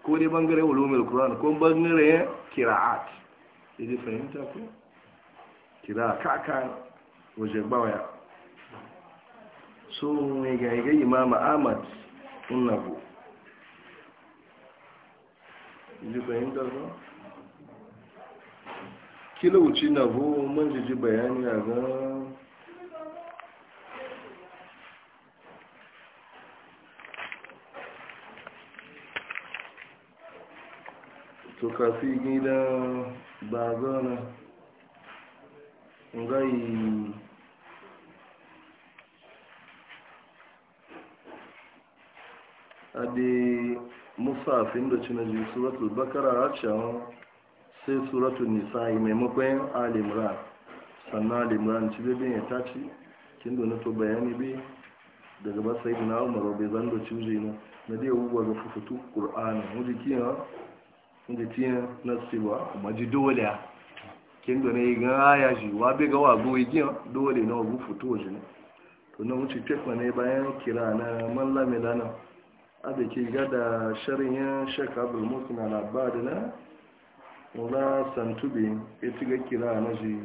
ko dai bangare ulumul qur'an ko bangare kira'ati idi fahimta ku kira kaka waje bawaya so mai gaiga imama ahmad innahu idi fahimta ku kila wuce na bu man jiji bayani a ga to kafi gidan bagana ngai ade musafin da cinaji suratul bakara a can sai suratul nisa'i maimakon alimran sannan alimran ci bebe ya taci kin da nato bayani bi daga basa sai na umaru bai zan da cinji na na dai abubuwa ga fufutu ƙur'ani da tiyan nasiba kuma ji dole kin na ne ga ya ji wa be ga wa go yi dole na go fito ji ne na wuce tefa bayan kira na mallame lana abe ga da sharin ya shek abdul musin al abad na na santubi e ita kira na ji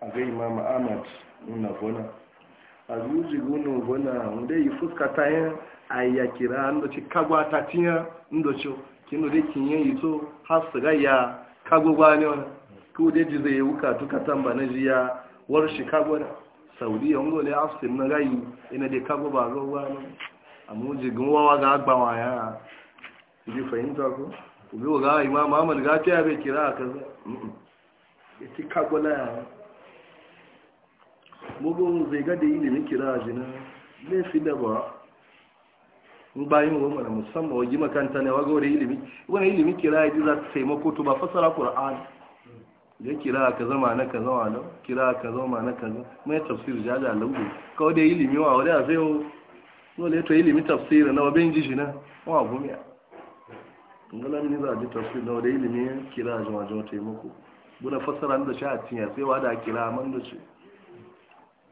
a ga imam ahmad na bona a zuji gunu bona wanda yi fuskata ya yin ayya kira ndo ci kagwa ta tiya kinu da kin yi so har su gayya kago gwani wani ko da ji zai wuka tuka tamba na jiya war chicago na saudiya ngo le afsin na gayi ina da kago ba ga na amma ji gunwawa ga agbawa ya ji fahimta ko o ga imam Ahmad ga ta bai kira kaza ita kago la ya mugun zai ga da ilimin kira jina laifin da ba bayan wa mana musamman waje makanta ne waga wani ilimi wani ilimi kira ya ji za ta sai makoto ba fasara qur'an ya kira ka zama na ka zama na kira ka zama na ka zama mai tafsir jaja lambu ka da ilimi wa wani a sai no le to ilimi tafsir na wabin ji shi na wa gumiya ngala ni za ji tafsir na wani ilimi kira jama'a jama'a taimako buna fasara da sha tinya sai wa da kira man da shi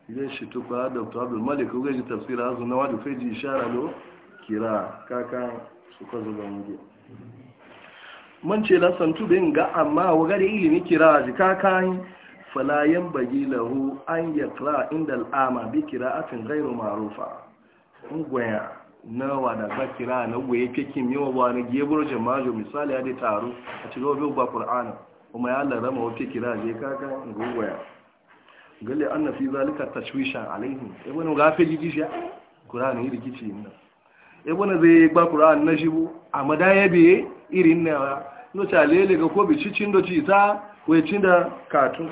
idan shi tukwa da Abdul Malik ko ga ji tafsir azu na wa da ji ishara do kira kaka su ka zuba mugu man ce na santu bin ga amma waga da ilimi kira ji kaka falayen bagi lahu an ya kira inda al'ama bi kira atin gairu marufa ngwaya na wada ka kira na goye kekin yi wa wani gebur jamajo misali ya da taro a cikin wabi ba kur'ana kuma ya Allah rama wace kira je kaka ngwaya gali na fi zalika tashwisha gafe ibn gafili jisha qur'ani rikici nan. ebona zai gba Qur'an na shibu a madaya biye irin na no ta ga kwobi bi cicin ta we cin da katun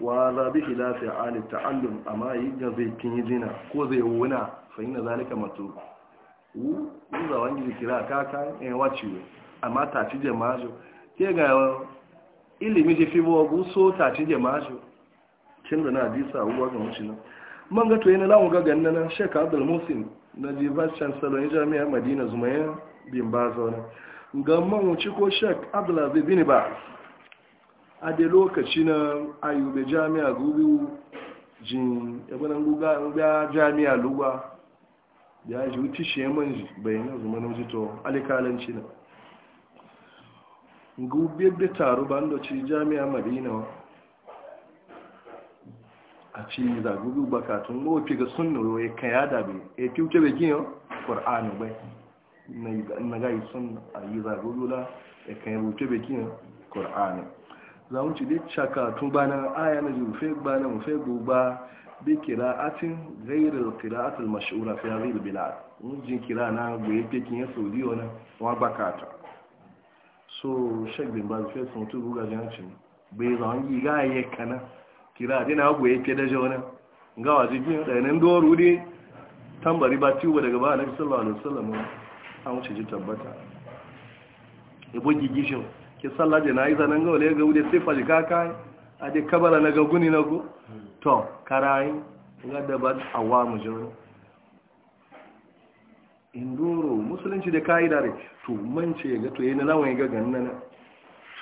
wa la bi khilafi al ta'allum amma yidda zai kin dina ko zai wuna fa inna zalika matu u za wangi kira kaka en eh, wachi amma ta ci jama'o ke ga ilimi je fi bo gu so ta ci jama'o kin da na bisa uwa ga mutunan man ga toye na lamu ga ganna na abdul musin na jibar chancellor na jami'ar madina Zumaya bin ba zaune ga man wuci ko shek abdul aziz bin ba a da lokaci na ayube jami'a gubi jin yabanan guga ga jami'a lugba ya ji wuci shi yaman bayanan zumanin jito alikalanci na gubi da taro bandoci jami'a madina a ci zagugu bakatun mawafi ga sun nuro ya kaya da bai ya fi wuce bai gina ƙwar'anu bai na gai sun a yi zagugu la ya kaya wuce bai gina ƙwar'anu za mu ci dai cakatun ba na aya na jufe ba na mufe guba bi kira'atin gairar kira'atul mashura fi hazil bilad mun jin kira na bu goye pekin ya saudi wani wa bakata so shek shagbin ba su fesun tubu gajen cin bai zan yi ga ayyaka na kira ati na ya ke da jona ga waje biyu da nan doru ne tambari ba tuba daga ba na sallallahu alaihi wasallam an wuce ji tabbata ibo gigishin ke sallah na nan ga wale ga wude sai faji kaka ji kabara na ga guni na ku to karayi ga da mu jauna in indoro musulunci da kaida ne to mance ga to na lawan ga ganna na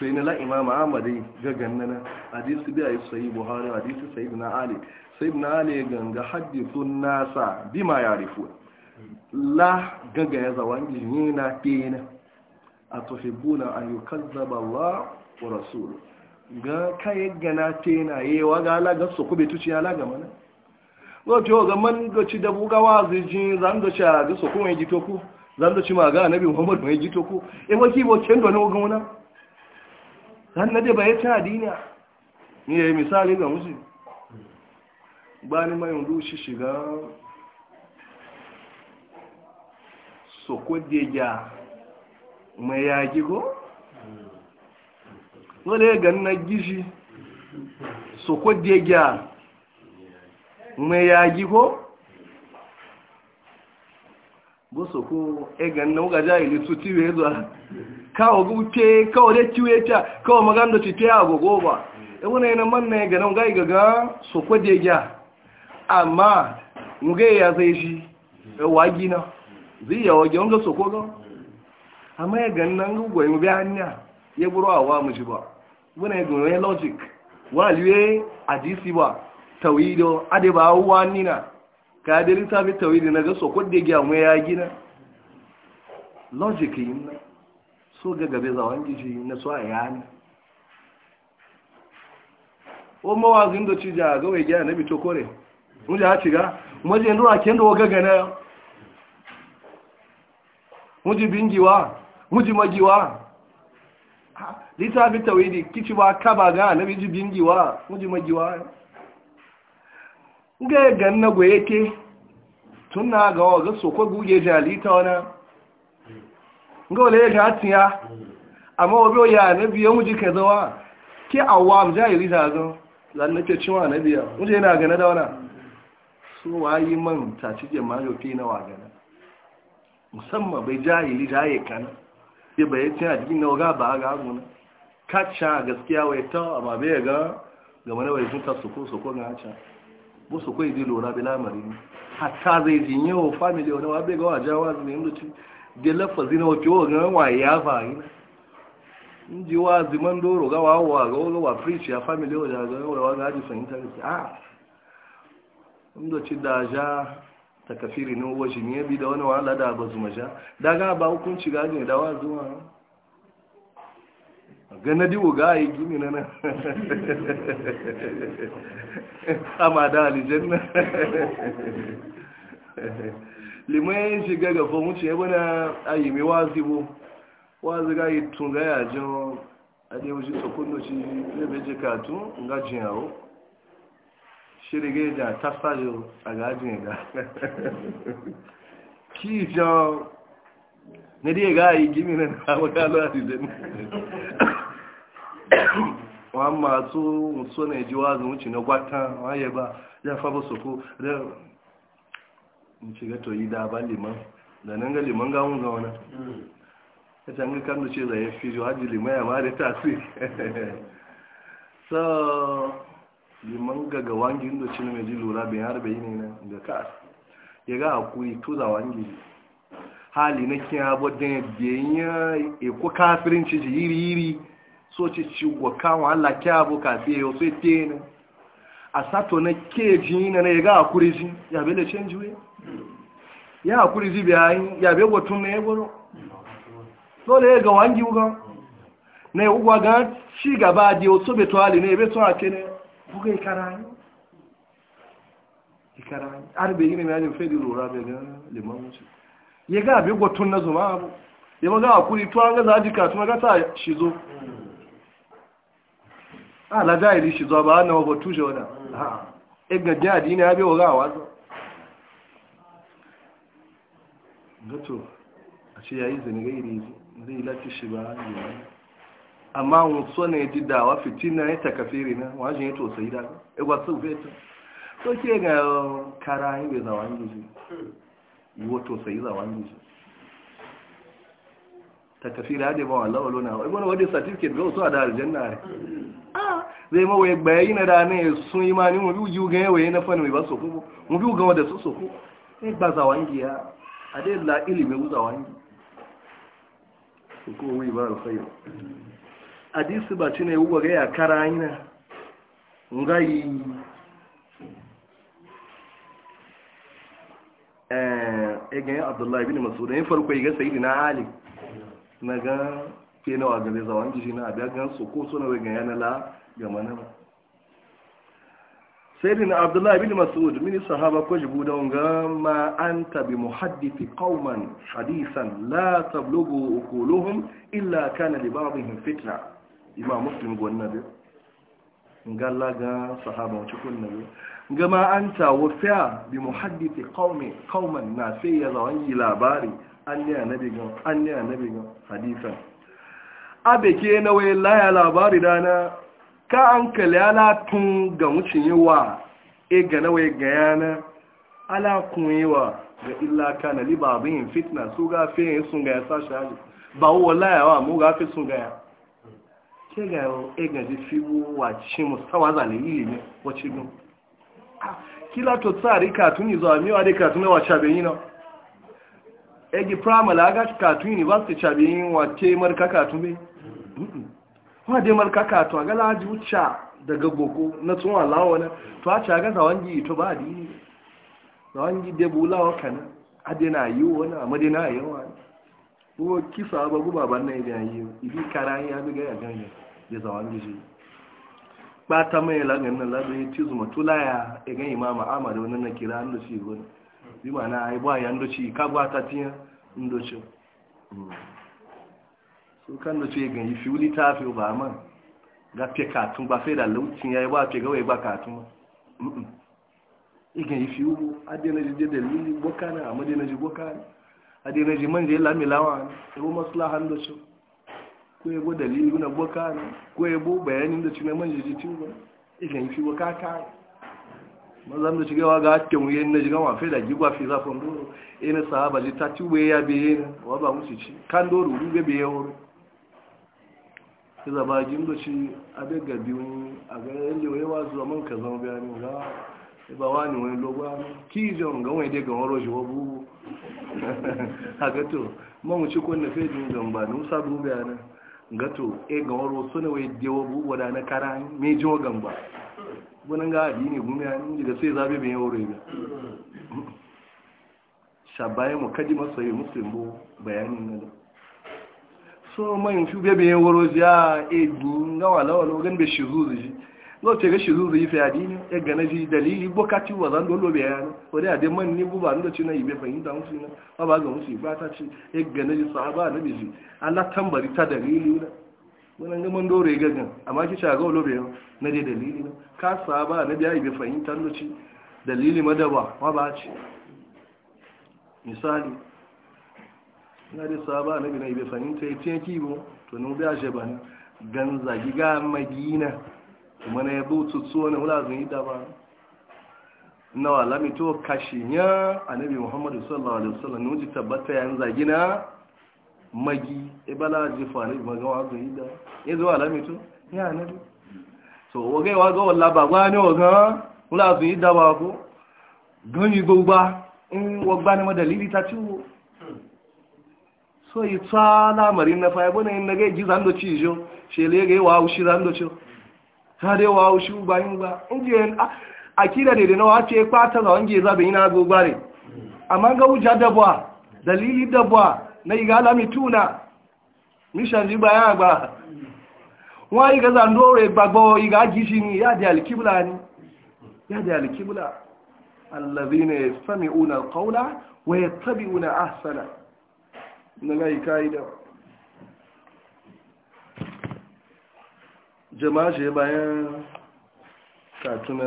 sai na la'imam amadai ga gannana hadisu biya yi sayi buhari hadisu sayi na ali sayi na ali ganga haddisun nasa bima ya rifu la gaga ya zawa ne na kena a buna a yi kazzaba ba wa rasulu ga kayi gana tena yi wa ga alaga su kube tuci alaga mana wato ga man doci da bugawa zijin zan doci a ga su kuma ya jito ku zan doci ma ga annabi muhammadu ya jito ku e waki bo kendo ne ga wuna. kan na da bai ta dina ni yi misali ga musu bani mai ndu shi shiga sokodeja mai yaki ko ya ga na gishi sokodeja mai yaki ko boso ko ega na uga jahili tuti wezwa kawo gute kawo da ciwe ta kawo maganda ci ta yago goba e wani yana manna ya ganin gai gaga so kwaje gya amma muga ya zai shi e wagi na zai ya wagi wanga so koga amma ya ganin nan gugwa yi biya hanya ya guro a wa mu shi ba wani ya logic wani aliwe a dc ba tawido ade ba nina ka da littafi tawhidi na ga sokot da gya mu ya gina logic yin na so ga gabe za wangi shi na so a yana o mawazin da ci ja ga wai gya na bito kore ha ja ci ga mun je ndura ken do ga gana mun ji bingiwa mun ji magiwa littafi tawhidi kici ba kaba ga na bi ji bingiwa mun ji magiwa ga ganna goyeke tun na ga waga so ko guge jalita wana ga wale ga tiya amma wabi o ya na biyo mu jike zawa ke awam jahili ta zo zan nake cewa na biya mu je na gana da wana so wayi man ta ci je ma yo na wa gana musamman bai jahili da ya kana ya bai tiya jikin na waga ba ga gona kacca gaskiya wai ta amma bai ga game da wai sun ta soko soko su ko ga haka musu kai ji lura bi lamari hatta zai ji yawo family wani wabe ga wajen wazi ne yanzu da lafazi na wace wa ganin wa ya fahimta in ji wazi ziman doro ga wa ga wa wa preach ya family wa ga waga wa ga haji fahimta ga ce a ah. inda ci da ja ta kafiri ne wajin ya bi da wani wahala da ba zuma ja daga ba hukunci ga ne da wazi zuma gana diwo ga yi gini na nan ama da alijanna liman shiga gafa wuce ya bana ayyami wazibu wazi ga yi tun ga yajin adewushi tsakundo shi zai je katu ga jiyawo shirige da tasajo a gajin ga ki jan na dai ga yi gini na nan ama da wọn masu suna ji wazin wuce na gwata waye ba ya faba su ko da mace gato yi da ba liman da ga liman gawun ga wani ya can kan da ce zai fi ji hajji liman ya fi so liman ga ga wangi ji lura bin har ne na ga ka ya ga hakuri tuza hali na ya yiri so ci wa kawo Allah kya bu ka biye o sai te ne a sato na keji na ne ga akurizi ya bele change we ya akurizi ji bi ayi ya be wotun ne goro so le ga wangi na ne ugwa ga ci gaba di o so be to ali ne be so akene ikara ikarai ikarai arbe yine me ajin fedi lura be ga liman ci ye ga be wotun na zuma abu ye ga akuri to an ga zaji ka tuma ga ta shi zo a la jahili shi zuwa ba wannan e wa batu shi wani ha ga jadi ne ya bai wa wazo gato a ce yayi yi ga iri zai lati shi ba a yi amma wasu ne ji dawa na ya e ta kafiri na wajen ya tosai da ya gwasu feta so ke ga kara yi bai zawa yi yi wa tosai zawa yi ta kafiri ya dai ba wa lawalo na e wani wadda certificate ga wasu a da aljanna ne zai ma wai bayi na rana ya sun yi mani mu biyu gan yawaye na fani mai ba soko ko mu biyu gan wadda su soko ne ba za wangi ya a dai la ilimi wuza wangi ko wai ba alkhairu hadisi ba cine wuwa ga ya kara na ngayi. eh egan abdullahi bin mas'ud ne farko ga sayyidina ali na ga ke nawa ga zai zawangi shi na abin gan soko so na ga yana la ga mana ba sai dina abdullahi bin mas'ud mini sahaba ko jibu da wanga ma anta bi muhaddisi qauman hadisan la tablughu uquluhum illa kana li ba'dihim fitna imam muslim gwanna bi ngalla ga sahaba wuce kunna bi gama anta wafiya bi muhaddisi qaumi qauman na sai ya zawan yi labari an ne annabi ga an annabi ga hadisan abe na wai la ya labari dana ka an kale ala tun ga wucin yi wa e ga nawai ga yana ala kun yi wa ga illa ka na liba abin fitna su ga fi yin sun ga ya sa shari ba wo layawa mu ga fi sun ga ya ke ga yau e ga ji fi wa ci mu sawa zane yi ne wace gun kila to tsari katuni zuwa miwa dai katun wa shabe yi na egi primary aga katuni ba su shabe yi wa temar ka katuni wadda markaka to a gala ji daga boko na tsohon lawa na to a ci a ga zawangi ito ba di ne zawangi de bulawa ka na adina yi wani a madina yi wani kuma kisa ba guba ban na idan yi ibi kara ya bi ga yagan ya ya zawangi shi ba ta mai lagan na lagan ya ci zuma tula ya igan imam amadu wani na kira an doci gona bi ma na ai ba ya an doci ka ba ta tiya an doci hmm. so kan da ce ganyi fi wuli ta fi ba ma ga fe katun ba fe da lautin yayi ba fe ga wai ba katun igan yi fi ubu adi na jide da lili boka na amadi na ji boka ne adi na ji man je lami lawa ne ebo maslahan da su ko ebo dalili na boka ne ko ebo bayanin da cina man je ji tiwo igan yi fi boka ka ne mazan da shigawa ga hakken wuyen na jigan wafe da gigwa fi zafin doro ina e sahaba ji ta ci ya biye na wa ba musu ci kan doro rube biye wuri ki zaba gindo ci abe ga biyu a ga yalle wai wa ka zama bayani ga e ba wani wani logo ki jon e ga wani daga horo shi wabu ha gato to man wuce ko na fe jin na nu sa du bayana ga e ga horo suna wai dewa bubu da na kara me jo gamba bunan ga adini gumi da sai zabi bin horo mu kaji masoyi bayanin nan so man fi bebe yin woro ya egbu ngawa lawa lo gan be shizuzu ji lo te ga shizuzu yi fi adini e gana ji dalili bokati wa zan dolo be yana wani dai man ni buba ndo ci na bai fahimta musu na ba ba ga musu ba ta ci e gana ji sahaba na bai biji Allah tambari ta dalili na wani ga man dore gagan amma ki shaga lo be na je dalili na ka sahaba na yi bai fahimta ndo ci dalili madaba ma ba ci misali na da saba na bina ibe fahimta ya tiye kibo to nun biya shi ba gan zagi ga magina kuma na yabo tutsuwa na wula zan yi da ba na wa lamito kashi ya annabi muhammadu sallallahu alaihi wasallam nun ji tabbata yan zagi na magi ibala e ji fani magawa zan yi da ya zuwa lamito ya annabi so wage wa ga walla ba gwa ne wa ga wula zan yi da ba ko don yi gbogbo in wagba ne ma ta ciwo so yi tsa lamarin na fa na yin na ga ji zando ci jo shele ga yi ushi zando ci ha dai wa ushi ba yin ba inje akida da na wace kwata za wange za yi na go A man ga uja dabwa dalili dabwa na yi igala tuna. mishan ji baya ba wa yi ga zando re yi ga gishi ni ya da alkibla ni ya da alkibla allazina yastami'una alqawla wa una asana. na ka'ida jama'a shi bayan katuna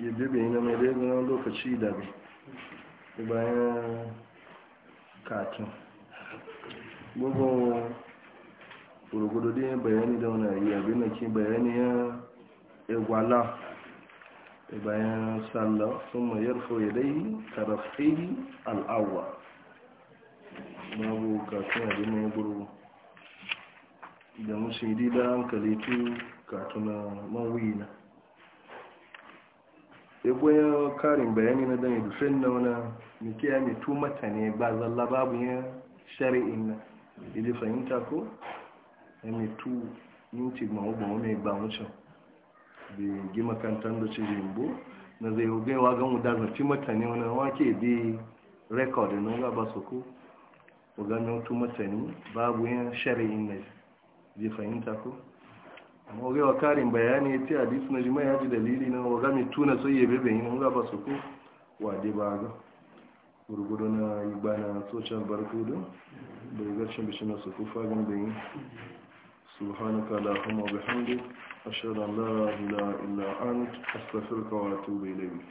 yabe bai na mai daidai lokaci da bayan katun gbogbo gurgudu da bayani da wani yi abin da ke bayani ya bayan sallah sun mayar foye dai tarafai al'awwa na bu kafin abin mai guru da musu yi da hankali tu katuna mawuyi na ya karin bayani na dan edufin na wana miki ya mitu mata ne ba zalla babu yin shari'in na idi fahimta ko ya mitu yin ci ma'ubawa ba mucin. da gima kantar da cijin bu na zai gaiwa gan wuda zafi mata ne wani wake bi rekodin na ga ba su ku ganin tu masani babu yin shari'in na zai fahimta ko amma wa karin bayani ya ce hadisi na jima ya ji dalili na wa gami tuna so yi bebe yin ga ba su wa wade ba ga gurgudu na igba na social barkudu da garshen bishin na su ko fagin da yin subhanaka la hama bihamdi ashhadu an la ilaha illa ant astaghfiruka wa atubu bi.